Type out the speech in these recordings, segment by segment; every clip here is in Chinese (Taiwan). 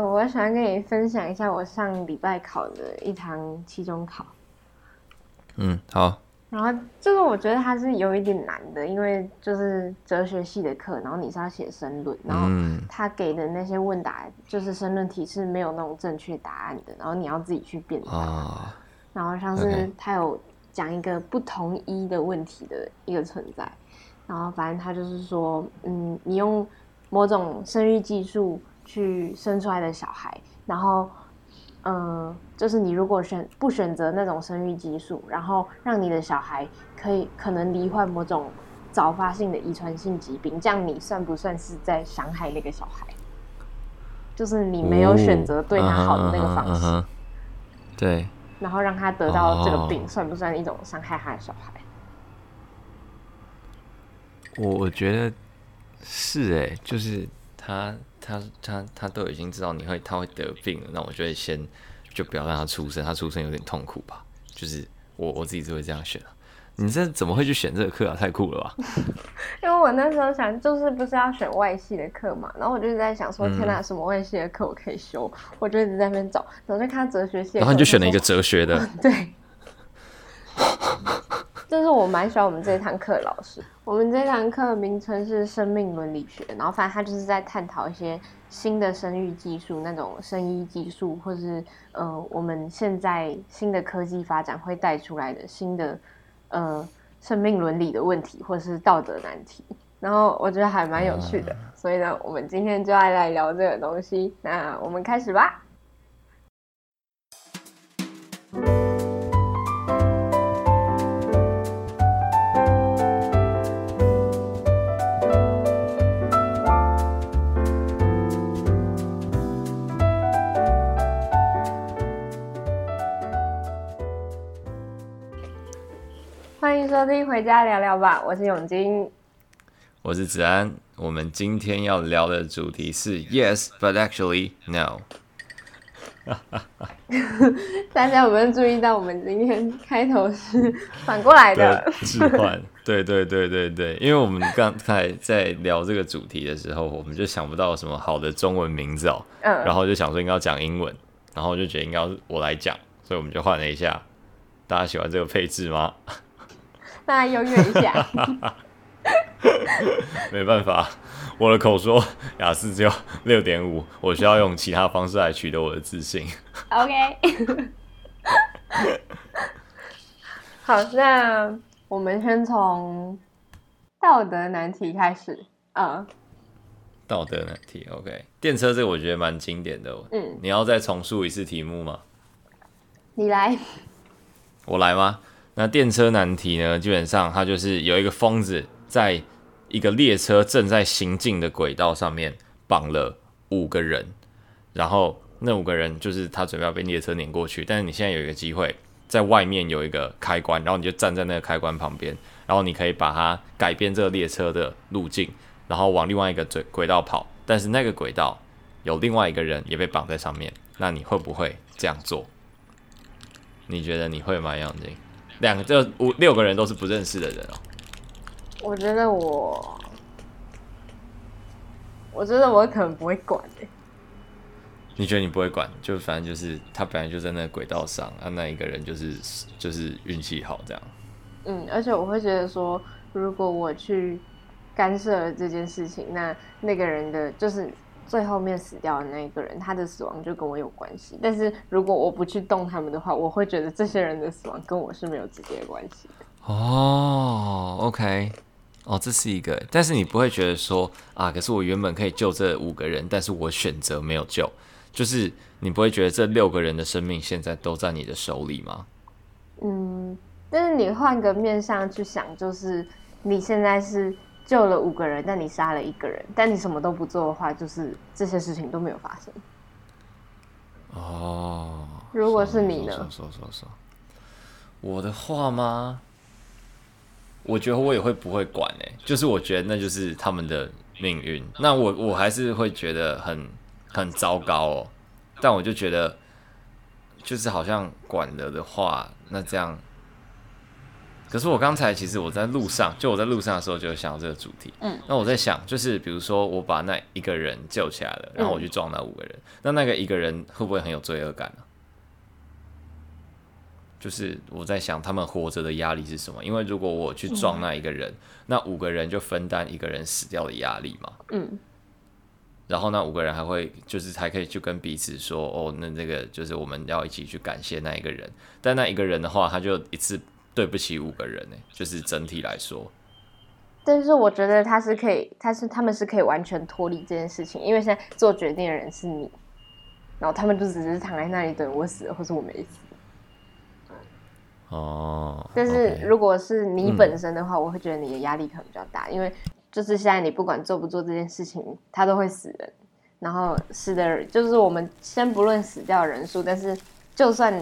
我想要跟你分享一下我上禮拜考的一堂期中考。嗯，好。然後這個我覺得它是有一點難的，因為就是哲學系的課，然後你是要寫申論，然後他給的那些問答就是申論題是沒有那種正確答案的，然後你要自己去辨答。哦。然後像是他有講一個不同一的問題的一個存在，嗯、然後反正他就是說，嗯，你用某種生育技術。去生出來的小孩，然後，嗯，就是你如果選不選擇那種生育技術，然後讓你的小孩可以可能罹患某種早發性的遺傳性疾病，這樣你算不算是在傷害那個小孩？就是你沒有選擇對他好的那個方式，哦啊啊啊、對，然後讓他得到這個病，算不算一種傷害他的小孩？我、哦、我覺得是誒、欸，就是他。他他他都已經知道你會他會得病了，那我就會先就不要讓他出生，他出生有點痛苦吧？就是我我自己就會這樣選啊。你這怎麼會去選這個課啊？太酷了吧！因為我那時候想就是不是要選外系的課嘛，然後我就一直在想說，天哪，什麼外系的課我可以修？嗯，我就一直在那邊找，然後就看哲學系，然後你就選了一個哲學的， 對。就是我蠻喜歡我們這堂課的老師，我們這堂課的名稱是生命倫理學，然後反正他就是在探討一些新的生育技術那種生醫技術，或是呃我們現在新的科技發展會帶出來的新的呃生命倫理的問題，或者是道德難題。然後我覺得還蠻有趣的，所以呢，我們今天就來，來聊這個東西。那我們開始吧。大家聊聊吧，我是永金，我是子安。我們今天要聊的主題是 Yes, but actually No。 大家有沒有注意到，我們今天開頭是反過來的置換 對對對對對，因為我們剛才在聊這個主題的時候，我們就想不到什麼好的中文名字哦、喔嗯，然後就想說應該要講英文，然後就覺得應該要我來講，所以我們就換了一下。大家喜歡這個配置嗎？那優越一下，沒辦法，我的口說雅思只有六點五，我需要用其他方式來取得我的自信。OK， 好，那我們先從道德難題開始啊。Uh, 道德難題，OK，電車這個我覺得蠻經典的。嗯，你要再重述一次題目嗎？你來，我來嗎？那電車難題呢？基本上它就是有一個瘋子，在一個列車正在行進的軌道上面綁了五個人，然後那五個人就是他準備要被列車碾過去。但是你現在有一個機會，在外面有一個開關，然後你就站在那個開關旁邊，然後你可以把它改變這個列車的路徑，然後往另外一個軌軌道跑。但是那個軌道有另外一個人也被綁在上面。那你會不會這樣做？你覺得你會嗎，楊靜？兩個就五六個人都是不認識的人哦。我覺得我，我覺得我可能不會管的。你覺得你不會管，就反正就是他本來就在那個軌道上，啊，那一個人就是就是運氣好這樣。嗯，而且我會覺得說，如果我去干涉了這件事情，那那個人的就是。最後面死掉的那個人，他的死亡就跟我有關係。但是如果我不去動他們的話，我會覺得這些人的死亡跟我是沒有直接關係。哦，OK，哦，這是一個。但是你不會覺得說啊，可是我原本可以救這五個人，但是我選擇沒有救，就是你不會覺得這六個人的生命現在都在你的手裡嗎？嗯，但是你換個面向去想，就是你現在是。救了五個人，但你殺了一個人，但你什麼都不做的話，就是這些事情都沒有發生。哦，如果是你呢？說說說說說我的話嗎？我覺得我也會不會管哎，就是我覺得那就是他們的命運，那我我還是會覺得很很糟糕哦。但我就覺得，就是好像管了的話，那這樣。可是我剛才其實我在路上，就我在路上的時候就想到這個主題。嗯，那我在想，就是比如說我把那一個人救起來了，然後我去撞那五個人，嗯、那那個一個人會不會很有罪惡感呢、啊？就是我在想，他們活着的壓力是什麼？因為如果我去撞那一個人，嗯、那五個人就分擔一個人死掉的壓力嘛。嗯，然後那五個人還會就是還可以去跟彼此說，哦，那這個就是我們要一起去感謝那一個人。但那一個人的話，他就一次。對不起，五個人呢，就是整體來說。但是我覺得他是可以，他是他們是可以完全脫離這件事情，因為現在做決定的人是你，然後他們就只是躺在那裡等我死或是我沒死。哦。但是如果是你本身的話，哦，okay，我會覺得你的壓力可能比較大，嗯，因為就是現在你不管做不做這件事情，他都會死人。然後死的人就是我們先不論死掉人數，但是就算。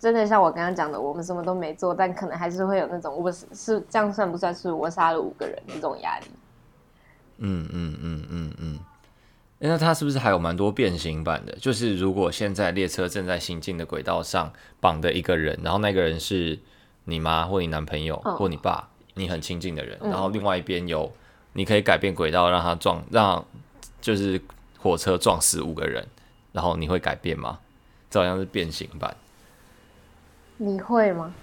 真的像我剛剛講的，我們什麼都沒做，但可能還是會有那種我是，是這樣算不算是我殺了五個人這種壓力？嗯嗯嗯嗯嗯。嗯嗯欸、那它是不是還有蠻多變形版的？就是如果現在列車正在行進的軌道上綁的一個人，然後那個人是你媽或你男朋友或你爸，嗯、你很親近的人，然後另外一邊有你可以改變軌道讓他撞、嗯，讓就是火車撞死五個人，然後你會改變嗎？這好像是變形版。你會嗎？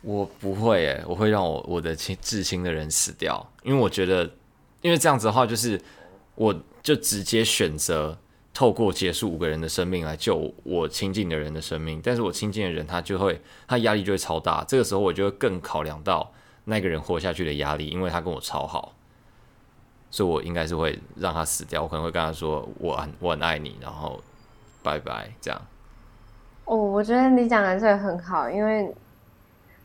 我不會誒，我會讓我我的親至親的人死掉，因為我覺得，因為這樣子的話，就是我就直接選擇透過結束五個人的生命來救我親近的人的生命，但是我親近的人他就會他壓力就會超大，這個時候我就會更考量到那個人活下去的壓力，因為他跟我超好，所以我應該是會讓他死掉，我可能會跟他說我很我很愛你，然後拜拜這樣。哦，我覺得你講的這個很好，因為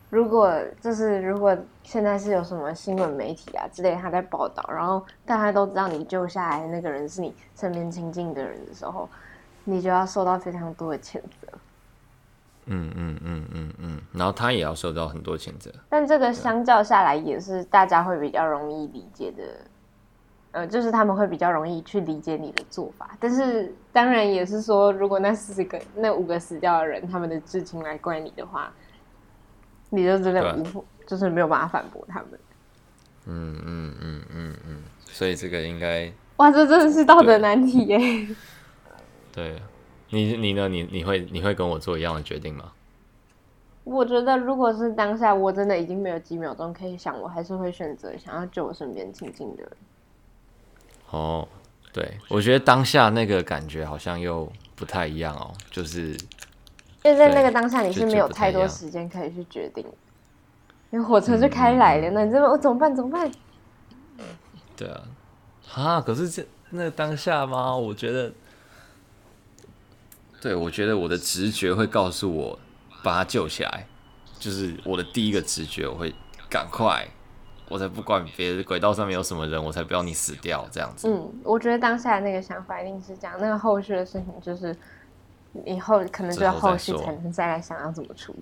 如果就是如果現在是有什麼新聞媒體啊之類，他在報道然後大家都知道你救下來的那個人是你身邊親近的人的時候，你就要受到非常多的譴責。嗯嗯嗯嗯嗯，然後他也要受到很多譴責。但這個相較下來也是大家會比較容易理解的。呃，就是他們會比較容易去理解你的做法，但是當然也是說，如果那四十個、那五個死掉的人，他們的至親來怪你的話，你就真的無，就是沒有辦法反駁他們。嗯嗯嗯嗯嗯，所以這個應該……哇，這真的是道德難題耶！對，對，你你呢？你你會你會跟我做一樣的決定嗎？我覺得，如果是當下，我真的已經沒有幾秒鐘可以想，我還是會選擇想要救我身邊親近的人。哦、oh，對，我覺得當下那個感覺好像又不太一樣哦，就是因為在那個當下你是沒有太多時間可以去決定，因為火車是開來的，那、嗯、你這個我怎麼辦？怎麼辦？對啊，啊，可是這那個、當下嗎？我覺得，對，我覺得我的直覺會告訴我把他救起來，就是我的第一個直覺，我會趕快。我才不管別的軌道上面有什麼人，我才不要你死掉這樣子。嗯，我覺得當下的那個想法一定是這樣，那個後續的事情就是以後可能就要後續才能再來想要怎麼處理。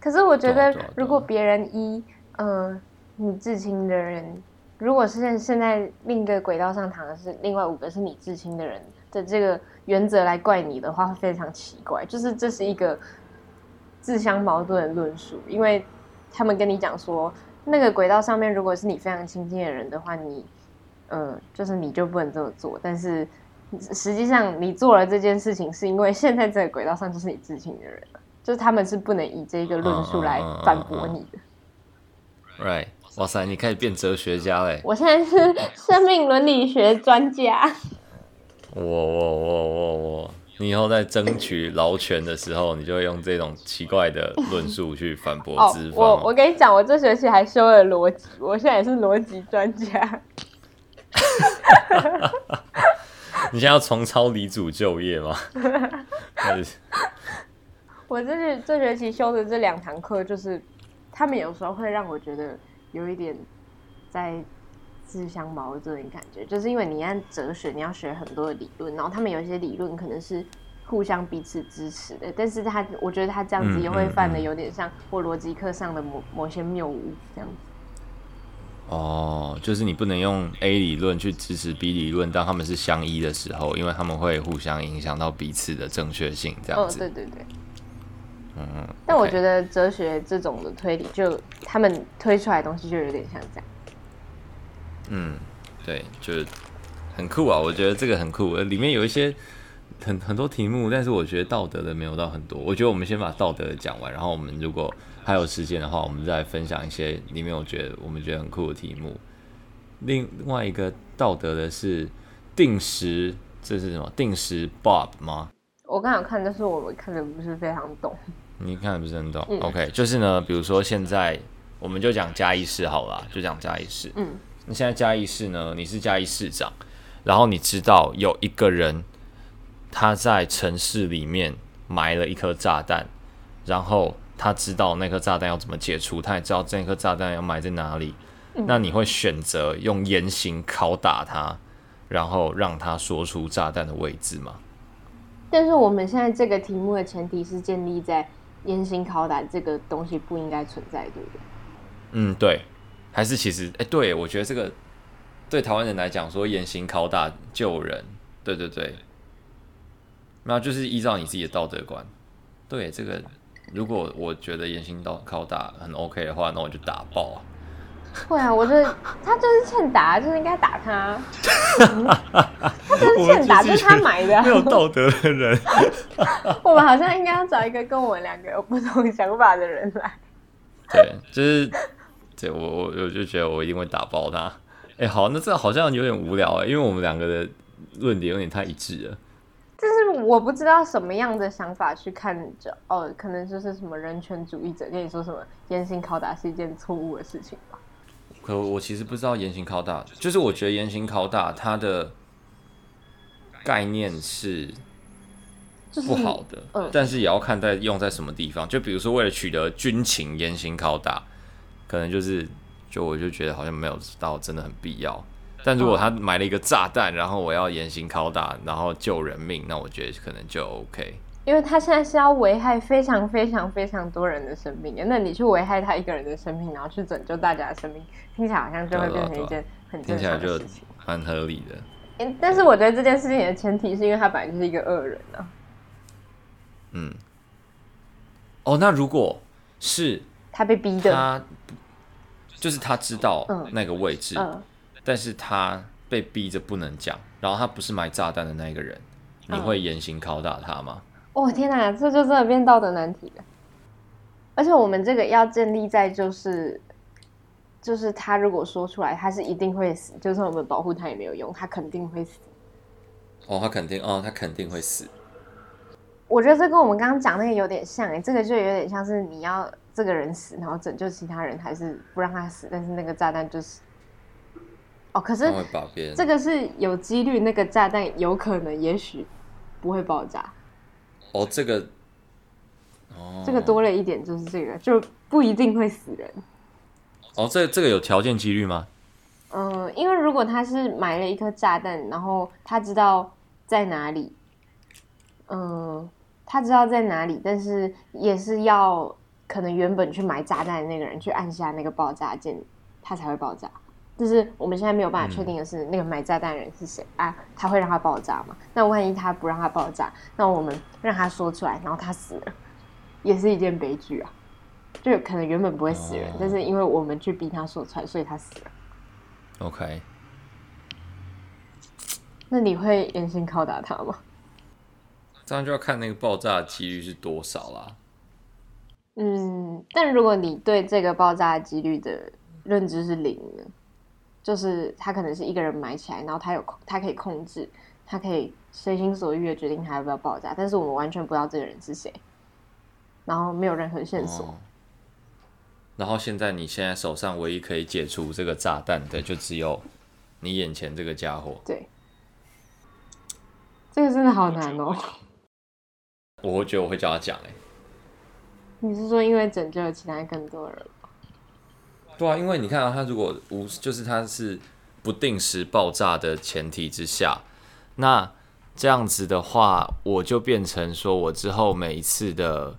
可是我覺得，如果別人一嗯、啊啊啊呃，你至親的人，如果是現在另一個軌道上躺的是另外五個是你至親的人的這個原則來怪你的話，會非常奇怪。就是這是一個自相矛盾的論述，因為他們跟你講說。那個軌道上面，如果是你非常親近的人的話，你，嗯、呃，就是你就不能這麼做。但是實際上，你做了這件事情，是因為現在這個軌道上就是你至親的人，就是他們是不能以這個論述來反駁你的。Uh, uh, uh, uh, uh, uh. Right，哇塞，你開始變哲學家嘞！我現在是生命倫理學專家。我我我我我。你以後在爭取勞權的時候，你就會用這種奇怪的論述去反駁資方、 哦、我我跟你講，我這學期還修了邏輯，我現在也是邏輯專家。 你現在要重操理組舊業嗎？ 我這學這學期修的這兩堂課，就是他們有時候會讓我覺得有一點在自相矛盾的感覺，就是因為你按哲學，你要學很多的理論，然後他們有一些理論可能是互相彼此支持的，但是他我覺得他這樣子也會犯的有點像我邏輯課上的某某些謬誤這樣子、嗯嗯嗯。哦，就是你不能用 A 理論去支持 B 理論，當他們是相依的時候，因為他們會互相影響到彼此的正確性這樣子。哦，對對對。嗯。但我覺得哲學這種的推理，okay. 就他們推出來的東西就有點像這樣。嗯，對，就是很酷啊！我覺得這個很酷，裡面有一些很很多題目，但是我覺得道德的沒有到很多。我覺得我們先把道德的講完，然後我們如果還有時間的話，我們再分享一些裡面我覺得我們覺得很酷的題目。另外一個道德的是定時，這是什麼？定時 Bob 嗎？我剛想看，但是我們看的不是非常懂。你看的不是很懂？嗯。OK，就是呢，比如說現在我們就講加一試好了，就講加一試。嗯。現在嘉義市呢，你是嘉義市長，然後你知道有一個人他在城市裡面埋了一顆炸彈，然後他知道那顆炸彈要怎麼解除，他也知道這顆炸彈要埋在哪裡。嗯、那你會選擇用嚴刑拷打他，然後讓他說出炸彈的位置嗎？但是我們現在這個題目的前提是建立在嚴刑拷打這個東西不應該存在，對不對？嗯，對。還是其實，哎、欸，對我覺得這個對台灣人來講，說嚴刑拷打救人，對對對，那、啊、就是依照你自己的道德觀。對，這個如果我覺得嚴刑到拷打很 OK 的話，那我就打爆、啊。對啊，我覺得他就是欠打，就是應該打他、 嗯。他就是欠打， 就是他買的沒有道德的人。 我們好像應該要找一個跟我們兩個有不同想法的人來。對，就是。對，我我我就覺得我一定會打爆他。哎、欸，好，那這好像有點無聊哎、欸，因為我們兩個的論點有點太一致了。就是我不知道什麼樣的想法去看着哦，可能就是什麼人權主義者跟你說什麼嚴刑拷打是一件錯誤的事情吧。可我其實不知道嚴刑拷打，就是我覺得嚴刑拷打它的概念是不好的，就是、嗯，但是也要看在用在什麼地方。就比如說為了取得軍情，嚴刑拷打。可能就是，就我就覺得好像沒有到真的很必要。但如果他埋了一個炸彈，然後我要嚴刑拷打，然後救人命，那我覺得可能就 OK。因為他現在是要危害非常非常非常多人的生命，那你去危害他一個人的生命，然後去拯救大家的生命，聽起來好像就會變成一件很正常的事情，聽起來就很合理的、欸。但是我覺得這件事情的前提是因為他本來就是一個惡人呢、啊。嗯。哦，那如果是他，他被逼的，他。就是他知道那個位置，嗯嗯、但是他被逼着不能講。然後他不是埋炸彈的那個人，嗯、你會嚴刑拷打他嗎？哦天哪，這就真的變道德難題了。而且我們這個要建立在就是，就是他如果說出來，他是一定會死，就算我們保護他也沒有用，他肯定會死。哦，他肯定哦，他肯定會死。我覺得這跟我們剛剛講那個有點像誒、欸，這個就有點像是你要。這個人死，然後拯救其他人，還是不讓他死？但是那個炸彈就是……哦，可是這個是有幾率，那個炸彈有可能，也許不會爆炸。哦，這個，哦、這個多了一點，就是這個就不一定會死人。哦，這這個有條件幾率嗎？嗯，因為如果他是埋了一顆炸彈，然後他知道在哪裡，嗯，他知道在哪裡，但是也是要。可能原本去埋炸彈的那個人去按下那個爆炸鍵，他才會爆炸。就是我們現在沒有辦法確定的是，嗯、那個埋炸彈的人是誰啊？他會讓他爆炸嗎？那萬一他不讓他爆炸，那我們讓他說出來，然後他死了，也是一件悲劇啊！就可能原本不會死人，哦、但是因為我們去逼他說出來，所以他死了。OK，那你會嚴刑拷打他嗎？這樣就要看那個爆炸的幾率是多少啦。嗯，但如果你對這個爆炸幾率的認知是零呢？就是他可能是一個人埋起來，然後他有他可以控制，他可以隨心所欲的決定他要不要爆炸，但是我們完全不知道這個人是誰，然後沒有任何線索。哦。然後現在你現在手上唯一可以解除這個炸彈的，就只有你眼前這個傢伙。對，這個真的好難哦。我會覺得我會教他講誒、欸。你是說因為拯救了其他更多人？對啊，因為你看啊，他如果無就是他是不定時爆炸的前提之下，那這樣子的話，我就變成說我之後每一次的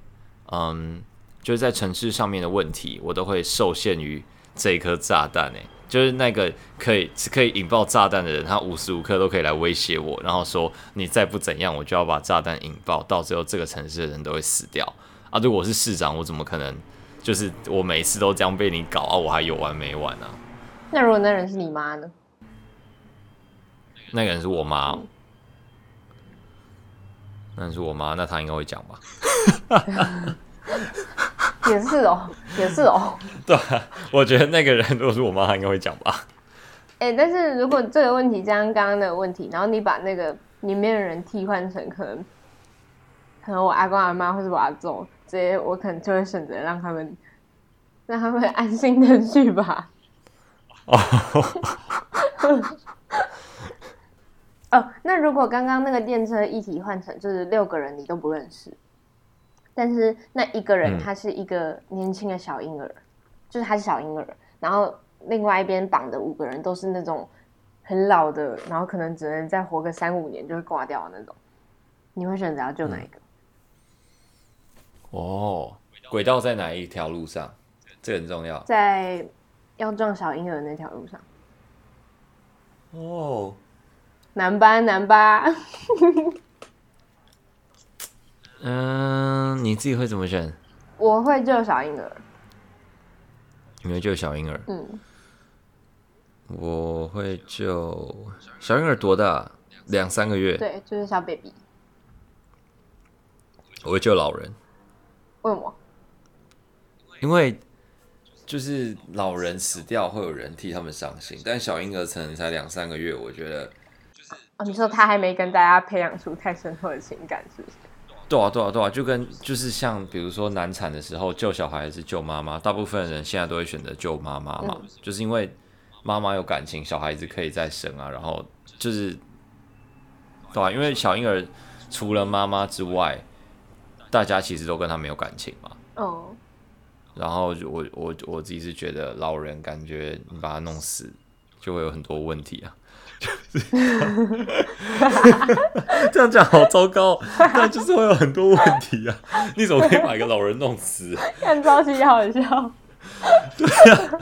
嗯，就是在城市上面的問題，我都會受限於這顆炸彈誒，就是那個可以可以引爆炸彈的人，他無時無刻都可以來威脅我，然後說你再不怎樣，我就要把炸彈引爆，到最後這個城市的人都會死掉。啊！如果我是市長，我怎麼可能？就是我每次都這樣被你搞啊！我還有完沒完呢、啊？那如果那人是你媽呢？那個人是我媽、嗯，那人是我媽，那她應該會講吧？也是哦、喔，也是哦、喔。對，我覺得那個人如果是我媽，她應該會講吧？哎、欸，但是如果這個問題像剛剛那個問題，然後你把那個裡面的人替換成可能，可能我阿公阿媽或把我爸所以我可能就會選擇讓他們讓他們安心的去吧。 哦，那如果剛剛那個電車議題換成就是六個人你都不認識，但是那一個人他是一個年輕的小嬰兒、嗯，就是他是小嬰兒，然後另外一邊綁的五個人都是那種很老的，然後可能只能再活個三五年就會掛掉的那種，你會選擇要救哪一個？嗯哦，軌道在哪一條路上？這個很重要。在要撞小嬰兒那條路上。哦，難吧，難吧。嗯、 呃，你自己會怎麼選？我會救小嬰兒。你會救小嬰兒？嗯。我會救…小嬰兒多大？兩三個月。對，就是小 baby。我會救老人。為什麼？因為就是老人死掉會有人替他們傷心，但小嬰兒可能才兩三個月，我覺得就是、哦、你說他還沒跟大家培養出太深厚的情感，是不是？對啊，對啊，對啊，就跟就是像比如說難產的時候救小孩子、救媽媽，大部分人現在都會選擇救媽媽嘛、嗯，就是因為媽媽有感情，小孩子可以再生啊，然後就是對啊，因為小嬰兒除了媽媽之外，大家其實都跟他沒有感情嘛。哦、oh.。然後我我我自己是覺得老人感覺，你把他弄死，就會有很多問題啊。 這樣講好糟糕，但 就是會有很多問題啊。你怎麼可以把一個老人弄死，啊？ 看着息好笑。 對啊。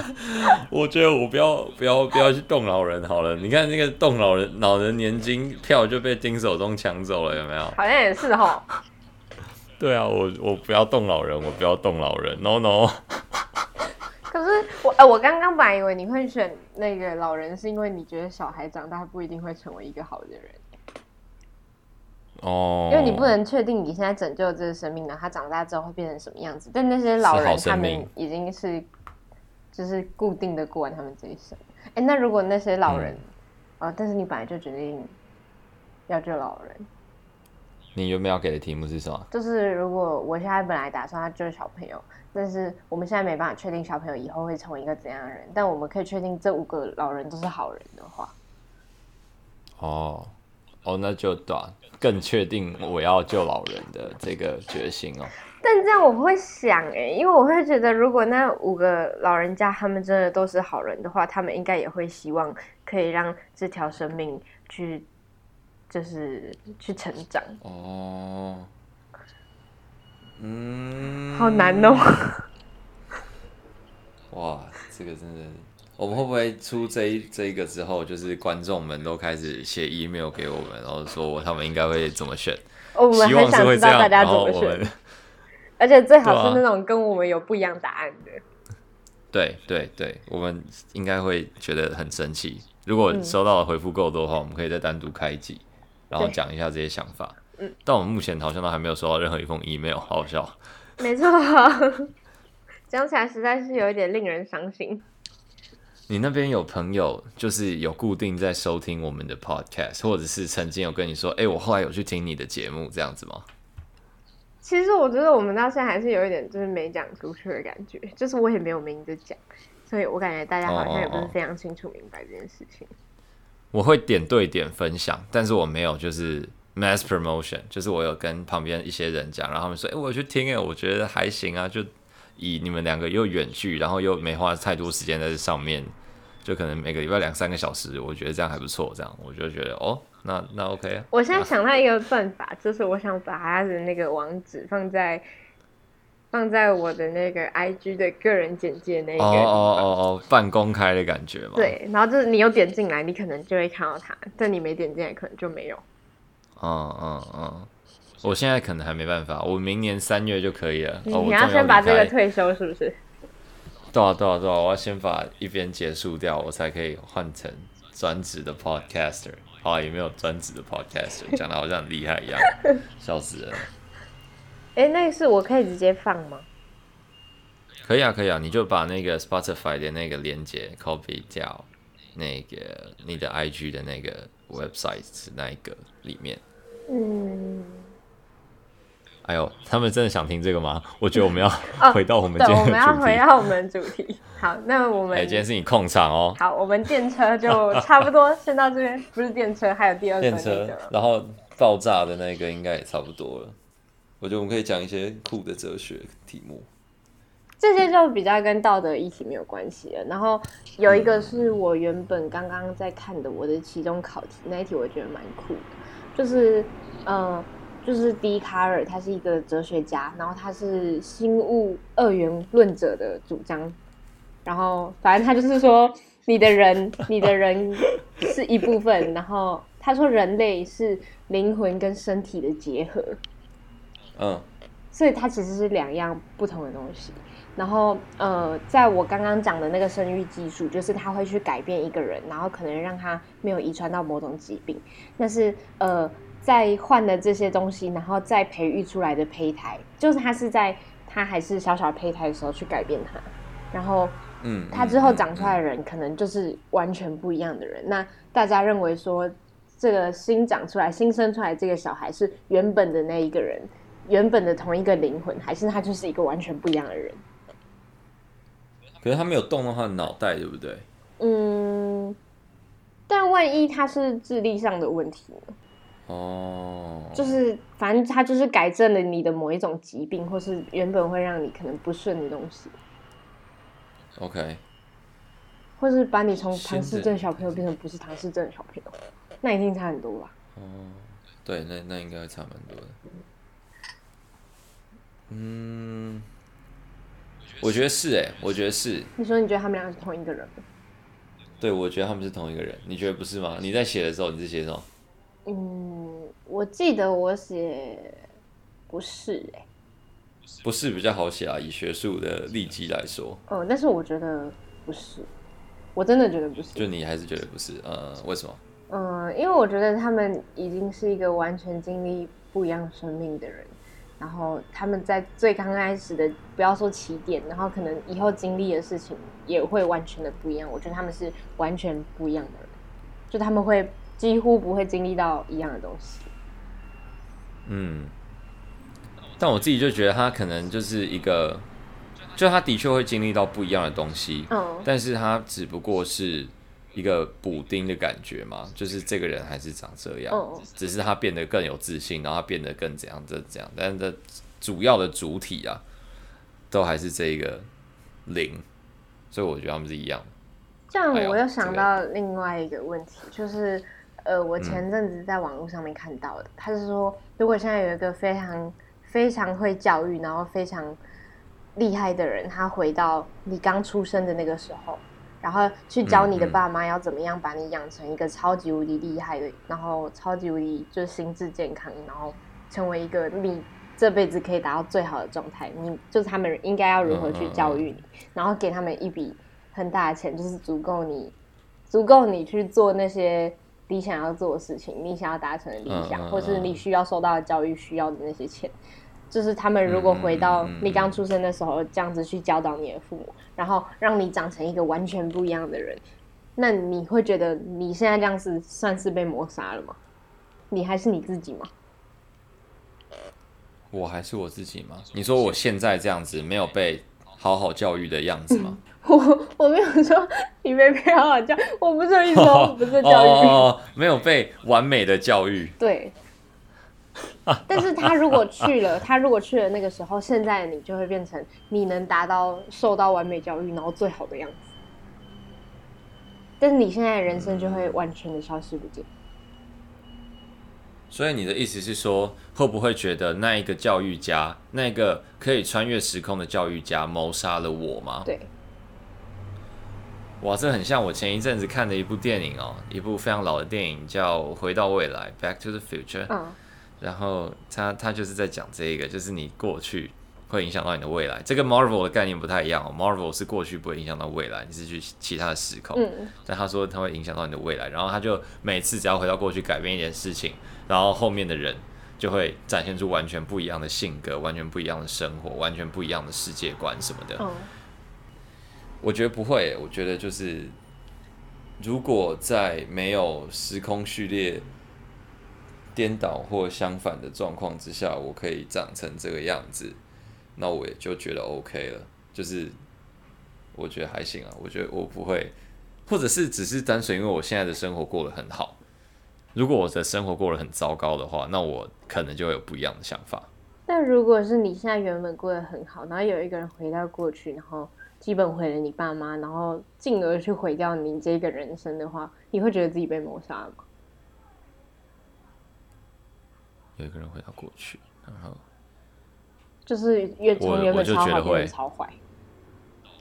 我覺得我不要不要不要去動老人好了。你看那個動老人，老人年金票就被丁守中搶走了，有沒有？好像也是吼。對啊，我我不要動老人，我不要動老人，no no。 可是我哎、呃，我剛剛本來以為你會選那個老人，是因為你覺得小孩長大不一定會成為一個好的人。哦。因為你不能確定你現在拯救這個生命呢，他長大之後會變成什麼樣子？但那些老人他們已經是就是固定的過完他們這一生。哎、欸，那如果那些老人啊、嗯、呃，但是你本來就決定要救老人。你原本要給的題目是什麼？就是如果我現在本來打算要救小朋友，但是我們現在沒辦法確定小朋友以後會成為一個怎樣的人，但我們可以確定這五個老人都是好人的話。哦，哦，那就對、啊、更確定我要救老人的這個決心哦。但這樣我會想哎，因為我會覺得，如果那五個老人家他們真的都是好人的話，他們應該也會希望可以讓這條生命去。就是去成長哦，嗯，好難哦、喔！哇，這個真的，我們會不會出這一這一個之後，就是觀眾們都開始寫 email 給我們，然後說他們應該會怎麼選、哦？我們很想知道大家怎麼選，而且最好是那種跟我們有不一樣答案的。對、啊、對，對對，我們應該會覺得很神奇。如果收到的回復夠多的話，我們可以再單獨開一集。然後講一下這些想法。嗯，但我們目前好像都還沒有收到任何一封 email，好好笑。沒錯，呵呵，講起來實在是有一點令人傷心。你那邊有朋友就是有固定在收聽我們的 podcast，或者是曾經有跟你說：“哎，我後來有去聽你的節目，這樣子嗎？”其實我覺得我們到現在還是有一點就是沒講出去的感覺，就是我也沒有明着講，所以我感覺大家好像也不是非常清楚明白這件事情。哦哦我會點對點分享，但是我沒有就是 mass promotion，就是我有跟旁邊一些人講，然後他們說，哎，我去聽，哎，我覺得還行啊，就以你們兩個又遠距，然後又沒花太多時間在這上面，就可能每個禮拜兩三個小時，我覺得這樣還不錯，這樣我就覺得哦，那那 OK 啊。我現在想到一個辦法， 就是我想把他的那個網址放在。放在我的那個 I G 的個人簡介那個哦哦哦哦半公開的感覺嘛。對，然後就是你有點進來，你可能就會看到它；但你沒點進來，可能就沒有。嗯嗯嗯，我現在可能還沒辦法，我明年三月就可以了你、哦。你要先把這個退休，是不是？對、啊、對、啊、對、啊，我要先把一邊結束掉，我才可以換成專職的 podcaster。好、啊，有沒有專職的 podcaster？講的好像很厲害一樣，笑,笑死人。哎、欸，那個、是我可以直接放嗎？可以啊，可以啊，你就把那個 Spotify 的那個鏈接 copy 掉，那個你的 IG 的那個 websites 那一個裡面。嗯。哎呦，他們真的想聽這個嗎？我覺得我們要回到我們今天的、哦，我們要回到我們主題。好，那我們、欸、今天是你控場哦。好，我們電車就差不多 先到這邊，不是電車，還有第二個。電車，然後爆炸的那個應該也差不多了。我覺得我們可以講一些酷的哲學題目，這些就比較跟道德議題沒有關係了。然後有一個是我原本剛剛在看的，我的期中考題那一題，我覺得蠻酷的，就是嗯、呃，就是笛卡爾，他是一個哲學家，然後他是心物二元論者的主張，然後反正他就是說， 你的人，你的人是一部分，然後他說人類是靈魂跟身體的結合。嗯、oh.，所以它其實是兩樣不同的東西。然後呃，在我剛剛講的那個生育技術，就是他會去改變一個人，然後可能讓他沒有遺傳到某種疾病。但是呃，在換的這些東西，然後再培育出來的胚胎，就是他是在他還是小小胚胎的時候去改變他，然後嗯，他之後長出來的人可能就是完全不一樣的人。Mm -hmm. 那大家認為說，這個新長出來、新生出來這個小孩是原本的那一個人，原本的同一個靈魂，還是他就是一個完全不一樣的人？可是他沒有動動他的腦袋，對不對？嗯，但萬一他是智力上的問題呢？哦、oh.，就是反正他就是改正了你的某一種疾病，或是原本會讓你可能不順的東西。OK，或是把你從唐氏症小朋友變成不是唐氏症小朋友，那一定差很多吧？哦、oh.，對，那那應該會差蠻多的。嗯，我覺得是哎、欸，我覺得是。你說你覺得他們兩個是同一個人？對，我覺得他們是同一個人。你覺得不是嗎？你在寫的時候你是寫什麼？嗯，我記得我寫不是哎、欸，不是比較好寫啊，以學術的立基來說。嗯，但是我覺得不是，我真的覺得不是。就你還是覺得不是？呃、嗯，為什麼？嗯，因為我覺得他們已經是一個完全經歷不一樣生命的人。然後他們在最剛開始的，不要說起點，然後可能以後經歷的事情也會完全的不一樣。我覺得他們是完全不一樣的人，就他們會幾乎不會經歷到一樣的東西。嗯，但我自己就覺得他可能就是一個，就他的確會經歷到不一樣的東西。哦。但是他只不過是。一個補丁的感覺嘛，就是這個人還是長這樣，Oh. 只是他變得更有自信，然後他變得更怎樣？怎樣？但是主要的主體啊，都還是這一個零，所以我覺得他們是一樣。這樣我又想到另外一個問題，就是呃，我前陣子在網絡上面看到的，他、嗯、是說，如果現在有一個非常非常會教育，然後非常厲害的人，他回到你剛出生的那個時候。然後去教你的爸媽要怎麼樣把你養成一個超級無敵厲害的、嗯嗯，然後超級無敵就是心智健康，然後成為一個你這輩子可以達到最好的狀態。你就是他們應該要如何去教育你、嗯嗯，然後給他們一筆很大的錢，就是足夠你足夠你去做那些你想要做的事情，你想要達成的理想，嗯嗯嗯、或是你需要受到的教育需要的那些錢。就是他們如果回到你剛出生的時候，這樣子去教導你的父母、嗯嗯，然後讓你長成一個完全不一樣的人，那你會覺得你現在這樣子算是被抹殺了嗎？你還是你自己嗎？我還是我自己嗎？你說我現在這樣子沒有被好好教育的樣子嗎？嗯、我我沒有說你沒被好好教，我不是說不是教育、哦哦哦哦，沒有被完美的教育，對。但是他如果去了， 他如果去了那個時候，現在的你就會變成你能達到、受到完美教育，然後最好的樣子。但是你現在的人生就會完全的消失不見。嗯。所以你的意思是說，會不會覺得那一個教育家，那個可以穿越時空的教育家謀殺了我嗎？對。哇，這很像我前一陣子看的一部電影哦，一部非常老的電影叫《回到未來》（Back to the Future）。嗯。然後他他就是在講這一個，就是你過去會影響到你的未來。這跟 Marvel 的概念不太一樣哦，Marvel 是過去不會影響到未來，你是去其他的時空。嗯。但他說他會影響到你的未來，然後他就每次只要回到過去改變一件事情，然後後面的人就會展現出完全不一樣的性格、完全不一樣的生活、完全不一樣的世界觀什麼的。嗯、我覺得不會，我覺得就是如果在沒有時空序列，顛倒或相反的狀況之下，我可以長成這個樣子，那我也就覺得 OK 了，就是我覺得還行啊。我覺得我不會，或者是只是單純因為我現在的生活過得很好。如果我的生活過得很糟糕的話，那我可能就會有不一樣的想法。那如果是你現在原本過得很好，然後有一個人回到過去，然後基本毀了你爸媽，然後進而去毀掉你這個人生的話，你會覺得自己被謀殺嗎？有一個人回到過去，然後就是越重越，越超好會超壞，超壞。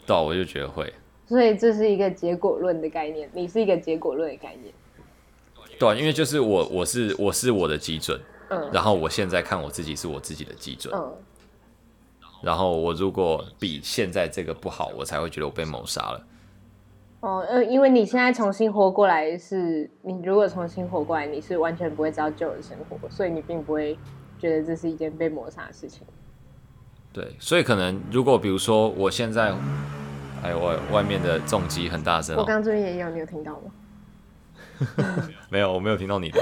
對，我就覺得會。所以這是一個結果論的概念，你是一個結果論的概念。對啊，因為就是我，我是我是我的基準，嗯。然後我現在看我自己是我自己的基準，嗯。然後我如果比現在這個不好，我才會覺得我被謀殺了。哦，呃，因為你現在重新活過來是，是你如果重新活過來，你是完全不會知道舊的生活，所以你並不會覺得這是一件被抹殺的事情。對，所以可能如果比如說我現在，哎，外外面的重擊很大聲，哦，我剛這邊也有，你有聽到嗎？ 沒有，我沒有聽到你的。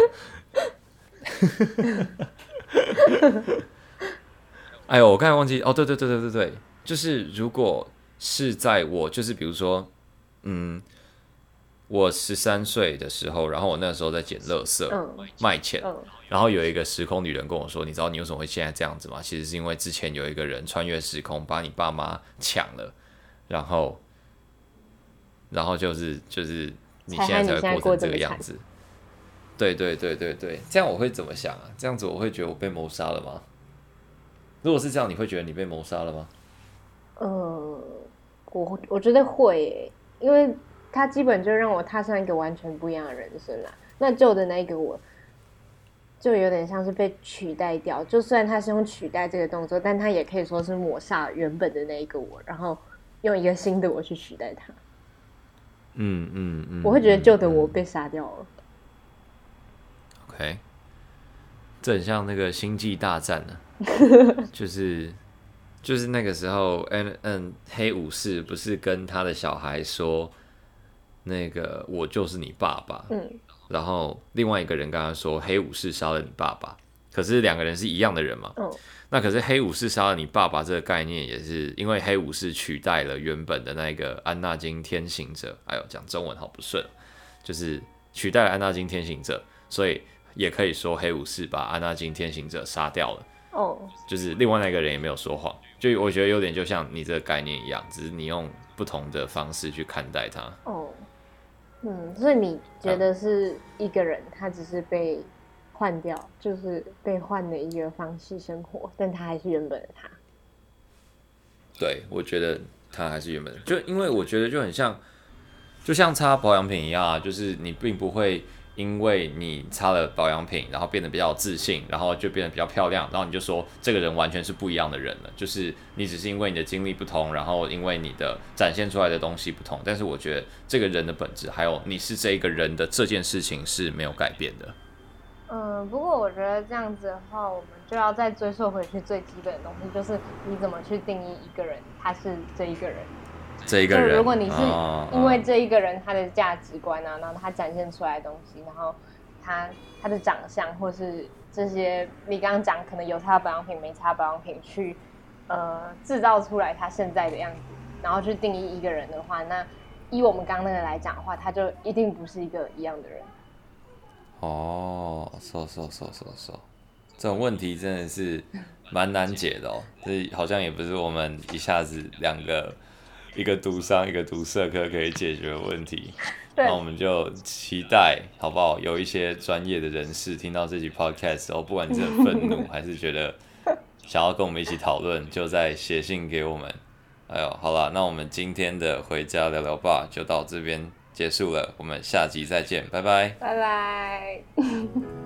哎呦，我剛才忘記哦，對對對對對對，就是如果是在我，就是比如說。嗯，我十三歲的時候，然後我那時候在撿垃圾、嗯、賣錢、嗯，然後有一個時空女人跟我說、嗯：“你知道你為什麼會現在這樣子嗎？”其實是因為之前有一個人穿越時空把你爸媽搶了，然後，然後就是就是你現在才會過成這個樣子。對，對對對對對，這樣我會怎麼想啊？這樣子我會覺得我被謀殺了嗎？如果是這樣，你會覺得你被謀殺了嗎？嗯，我我覺得會、欸。因為他基本就讓我踏上一個完全不一樣的人生了啊，那舊的那一個我，就有點像是被取代掉。就算他是用取代這個動作，但他也可以說是抹殺原本的那一個我，然後用一個新的我去取代他。嗯嗯嗯。我會覺得舊的我被殺掉了。嗯嗯嗯。OK，這很像那個《星際大戰》啊呢， 就是。就是那個時候，嗯嗯，黑武士不是跟他的小孩說，那個我就是你爸爸。嗯。然後另外一個人跟他說，黑武士殺了你爸爸。可是兩個人是一樣的人嘛。嗯、哦。那可是黑武士殺了你爸爸這個概念，也是因為黑武士取代了原本的那個安納金天行者。哎呦，講中文好不順。就是取代了安納金天行者，所以也可以說黑武士把安納金天行者殺掉了。哦、oh.，就是另外那個人也沒有說謊，就我覺得有點就像你這個概念一樣，只是你用不同的方式去看待他。哦、oh.，嗯，所以你覺得是一個人，他只是被換掉、啊，就是被換了一個方式生活，但他還是原本的他。對，我覺得他還是原本的，就因為我覺得就很像，就像擦保養品一樣啊，就是你並不會。因為你擦了保養品，然後變得比較自信，然後就變得比較漂亮，然後你就說這個人完全是不一樣的人了。就是你只是因為你的經歷不同，然後因為你的展現出來的東西不同，但是我覺得這個人的本質，還有你是這一個人的這件事情是沒有改變的。嗯，不過我覺得這樣子的話，我們就要再追溯回去最基本的東西，就是你怎麼去定義一個人，他是這一個人。這一個人，如果你是因為這一個人他的價值觀啊，哦哦、然後他展現出來的東西，然後他他的長相或是這些，你剛剛講可能有擦保養品，沒擦保養品去，呃，製造出來他現在的樣子，然後去定義一個人的話，那依我們剛剛那個來講的話，他就一定不是一個一樣的人。哦，說說說說說，這種問題真的是蠻難解的哦， 這好像也不是我們一下子兩個。一個讀商，一個讀社科，可以解決問題 對。那我們就期待，好不好？有一些專業的人士聽到這集 podcast 時，哦，不管你是很憤怒， 還是覺得想要跟我們一起討論，就在寫信給我們。哎呦，好了，那我們今天的回家聊聊吧，就到這邊結束了。我們下集再見，拜拜，拜拜。